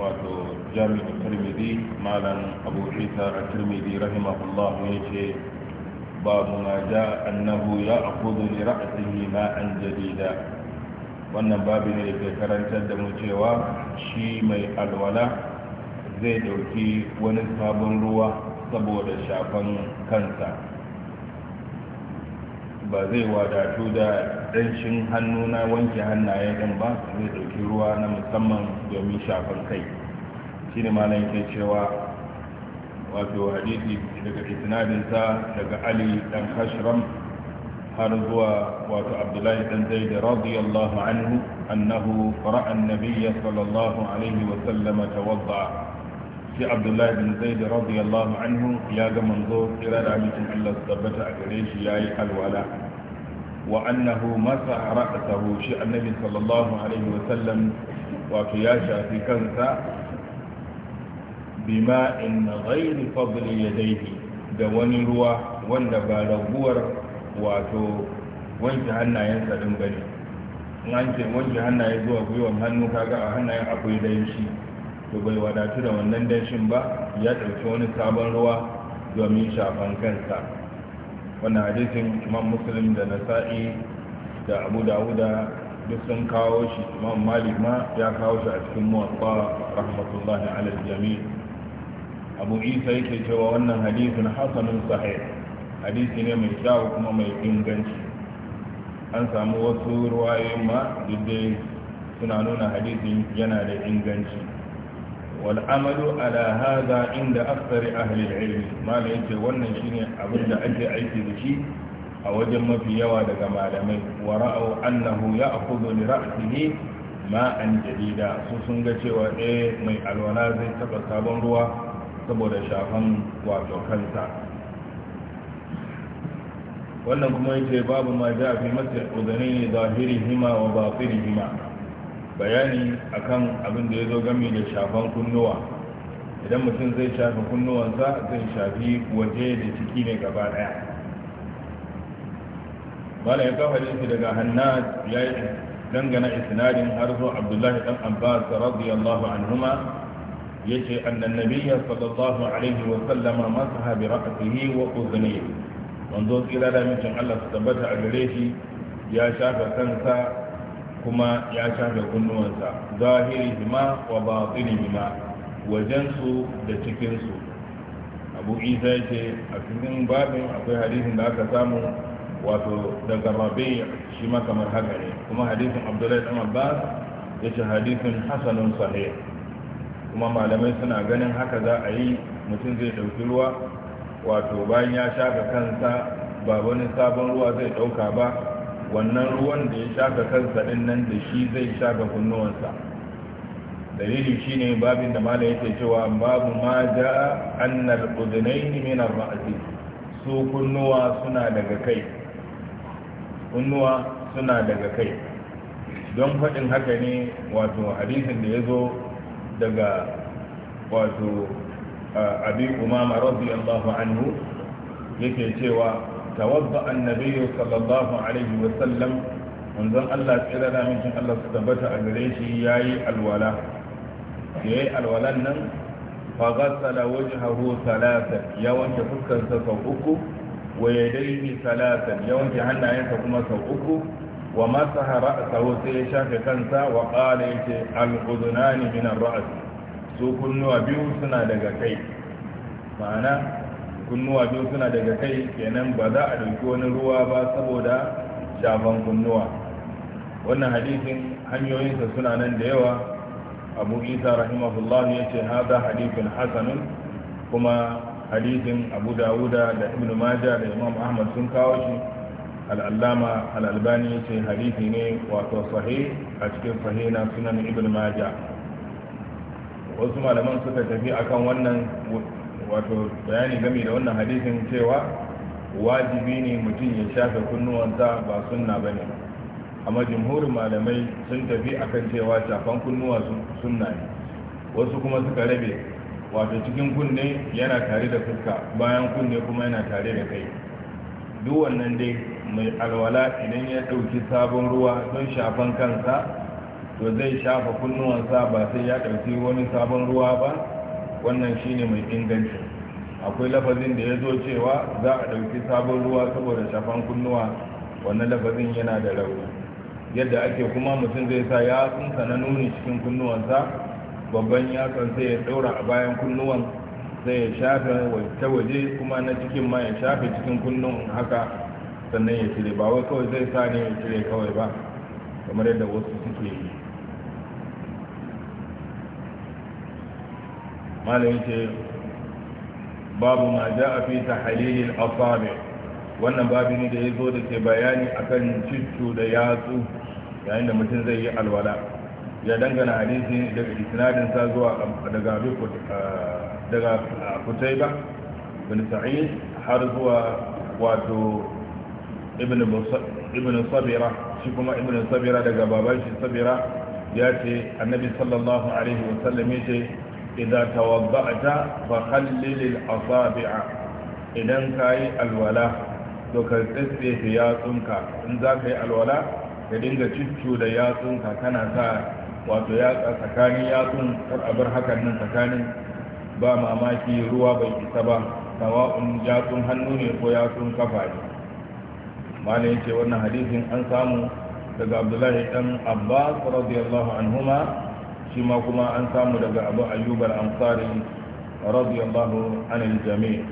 wato jami'in turmidi malam abu isa a turmidi rahimahullah ya ce babu ma ja annahu ya akudu li ra'sihi an jadida wannan babu ne ke karantar da mu cewa shi mai alwala zai dauki wani sabon ruwa saboda shafan kansa ba zai wadatu da ɗanshin hannu na wanke hannaye ɗin ba zai ɗauki ruwa na musamman domin shafan kai shi ne malam ke cewa wato hadisi daga isnadinsa daga ali ɗan kashiram har zuwa wato abdullahi ɗan zaid radiyallahu anhu annahu fara'an annabiyya sallallahu alaihi wa tawadda sai abdullahi bin zaid radiyallahu anhu ya ga manzo kira da amincin Allah su tabbata a gare shi yayi alwala wa annahu masa ra'sahu shi annabi sallallahu alaihi wa sallam wato ya shafi kansa Bima in bima'in ghairi fadli yadayhi da wani ruwa wanda ba raguwar wato wanke hannayensa din bane in an ce wanke hannaye zuwa gwiwar hannu kaga a hannayen akwai shi. to bai wadatu da wannan danshin ba ya ɗauki wani sabon ruwa domin shafan kansa wannan hadisin imam muslim da nasa'i da abu dawuda duk sun kawo shi imam malik ma ya kawo shi a cikin muwatta rahmatullahi ala jami abu isa yake cewa wannan hadisin hasanun sahih hadisi ne mai kyau kuma mai inganci an samu wasu ruwayoyin ma duk dai suna nuna hadisin yana da inganci والعمل على هذا عند أكثر da العلم ما ليس wannan shine abin da ake aiki da shi a wajen mafi yawa daga malamai wa ra'au annahu ya'khudhu li ma ma'an jadida su sun ga cewa ɗaya mai alwana zai taɓa sabon ruwa saboda shafan wato kansa wannan kuma yace babu ma ja fi masjid udani zahirihima wa batinihima bayani akan abin da ya zo gami da shafan kunnuwa idan mutum zai shafi kunnuwansa zai shafi waje da ciki ne gaba daya bala ya kafa shi daga hannas ya yi dangana isnadin har zo abdullahi dan abbas radiyallahu anhuma yace annan nabiyya sallallahu alaihi wa sallama masaha bi ra'sihi wa uznihi wanzo tsira da mijin Allah su tabbata a gare shi ya shafa kansa kuma ya shafe kunnuwansa hima wa wajen wajensu da cikinsu abu isa ya ce a cikin babin akwai hadisin da aka samu wato daga rabi shi ma kamar haka ne kuma hadisin abdullahi dan abbas ya ce hadisin hasanun sahih kuma malamai suna ganin haka za a yi mutum zai ɗauki ruwa wato bayan ya shafe kansa ba wani sabon ruwa zai ɗauka ba wannan ruwan da ya shaka kansa din nan da shi zai shaka kunnuwansa dalili shine babin da mala yake cewa babu ma ja annal udunaini min ar-ra'si su kunnuwa suna daga kai kunnuwa suna daga kai don faɗin haka ne wato hadisin da ya zo daga wato abi umama radiyallahu anhu yake cewa توضأ النبي صلى الله عليه وسلم منذ الله تعالى لا منشن الله ستبت أجريش ياي الولا ياي الولا نم فغسل وجهه ثلاثا يوانك فكا سوءك ويديه ثلاثا يوانك حنا ينفكما سوءك ومسح رأسه سيشاك كنسا وقال الأذنان من الرأس سوكن وبيوسنا لك كيف معناه kunnuwa biyu suna daga kai kenan ba za a ɗauki wani ruwa ba saboda shafan kunnuwa wannan hadisin hanyoyinsa suna nan da yawa abu isa rahimahullah ya ce haza hadisin hasanun kuma hadisin abu dawuda da ibn maja da imam ahmad sun kawo shi al'allama al'albani ya ce hadisi ne wato sahih a cikin sahih sunan ibn maja wasu malaman suka tafi akan wannan wato bayani game da wannan hadisin cewa wajibi ne mutum ya shafe kunnuwansa ba sunna ba ne amma jimhurin malamai sun tafi akan cewa shafan kunnuwa sunna ne wasu kuma suka rabe wato cikin kunne yana tare da fuska bayan kunne kuma yana tare da kai duk wannan dai mai alwala idan ya ɗauki sabon ruwa don shafan kansa to zai shafa kunnuwansa ba sai ya ɗauki wani sabon ruwa ba wannan shine mai inganci akwai lafazin da ya zo cewa za a ɗauki sabon ruwa saboda shafan kunnuwa wannan lafazin yana da rauni yadda ake kuma mutum zai sa ya tsunsa na nuni cikin kunnuwansa babban yatsan sai ya ɗaura a bayan kunnuwan sai ya shafe ta waje kuma na cikin ma ya shafe cikin kunnuwan haka sannan ya cire ba wai kawai zai sa ne ya cire kawai ba kamar yadda wasu suke yi malamin ce babu ma ja a fi ta halilin wannan babu ne da ya zo da ke bayani akan ciccu da yatsu yayin da mutum zai yi alwala ya dangana hadisi daga isnadin sa zuwa ah, daga kutai kutaiba ah, ah, bin sa'id har zuwa wato ibn sabira shi kuma ibn sabira daga baban sabira ya ce annabi sallallahu alaihi wasallam ya ce idza tawabba'ta fa khallil al-asabi'a idan kayi alwala to ka tsitsefe yatsunka in za ka yi alwala ka dinga cicco da yatsunka kana sa wato yatsa tsakanin yatsun kar hakan nan tsakanin ba mamaki ruwa bai isa ba sawa'un yatsun hannu ne ko yatsun kafa ne mana yace wannan hadisin an samu daga abdullahi ɗan abbas radiyallahu anhuma shi ma kuma an samu daga abu ayyubar ansari radiyallahu anil jami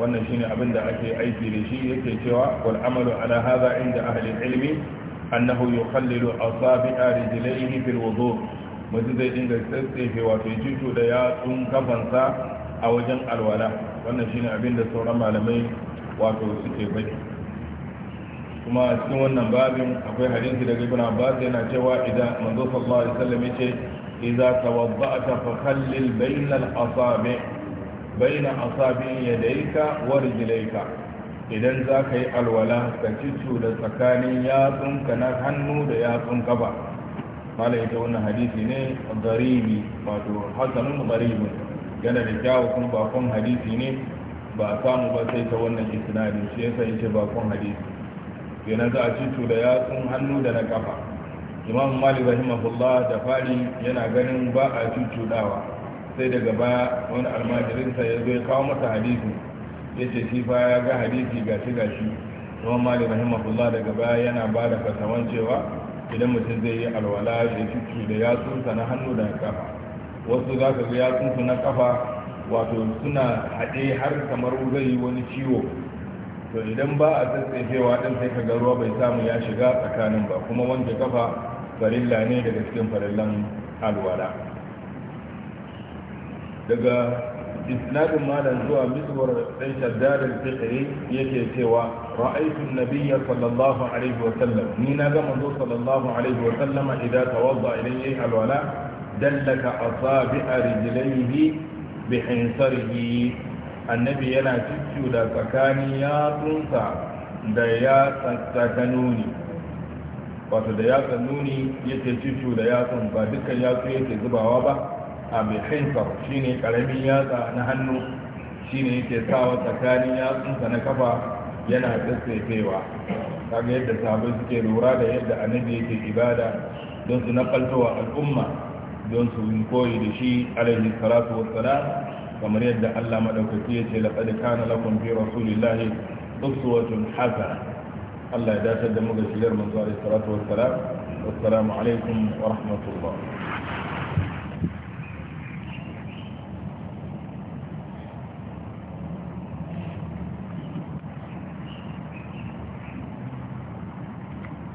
wannan shine abin da ake aiki da shi yake cewa wal amalu ala hadha inda ahli ilmi annahu yukhallilu asabi'a rijlaihi fil wudu mutum zai dinga tsatsefe wato jito da yatsun kafansa a wajen alwala wannan shine abin da sauran malamai wato suke bai kuma cikin wannan babin akwai hadisi daga ibn Abbas yana cewa idan manzo sallallahu alaihi wasallam yace إذا توضأت فخلل بين الأصابع بين أصابع يديك ورجليك idan za ka yi alwala ka ci da tsakanin yatsunka na hannu da yatsun gaba mala ita wannan hadisi ne garibi wato hasanun garibin yana da kyawu kuma bakon hadisi ne ba a samu ba sai ta wannan isnadi shi yasa yace bakon hadisi kenan za a cicu da yatsun hannu da na kafa imam malik rahimahullah da fari yana ganin ba a cucudawa sai daga baya wani almajirinsa ya zo ya kawo masa hadisi ya ce shi fa ya ga hadisi gashi gashi imam malik rahimahullah daga baya yana ba da fasawan cewa idan mutum zai yi alwala ya cucu da yatsunsa na hannu da kafa wasu za ka ga yatsunsu na kafa wato suna haɗe har kamar zai yi wani ciwo to idan ba a tsatsefewa ɗin sai ka ga ruwa bai samu ya shiga tsakanin ba kuma wanke kafa farilla ne daga cikin farillan alwala daga isnadin malam zuwa miswar dan shaddad al-fiqri yake cewa ra'aytu an-nabiyya sallallahu alaihi wa sallam ni na ga manzo sallallahu alaihi wa sallama idza tawadda ilayhi alwala dallaka asabi'a rijlaihi bi hinsarihi annabi yana cicciuda tsakanin yatsunsa da ya tsakanuni wato da yatsan nuni yake cicu da yatsan ba dukkan yatsu yake zubawa ba a mai shine karamin yatsa na hannu shine yake sawa tsakanin yatsunsa na kafa yana tsaifewa kaga yadda sabai suke lura da yadda annabi yake ibada don su nakaltowa al'umma don su koyi da shi alaihi salatu wassalam kamar yadda Allah madaukaki yace laqad kana lakum fi rasulillahi uswatun hasana الله يدافع دمك الحجر من صلى الله عليه وسلم والسلام عليكم ورحمة الله